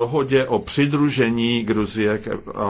dohodě o přidružení Gruzie k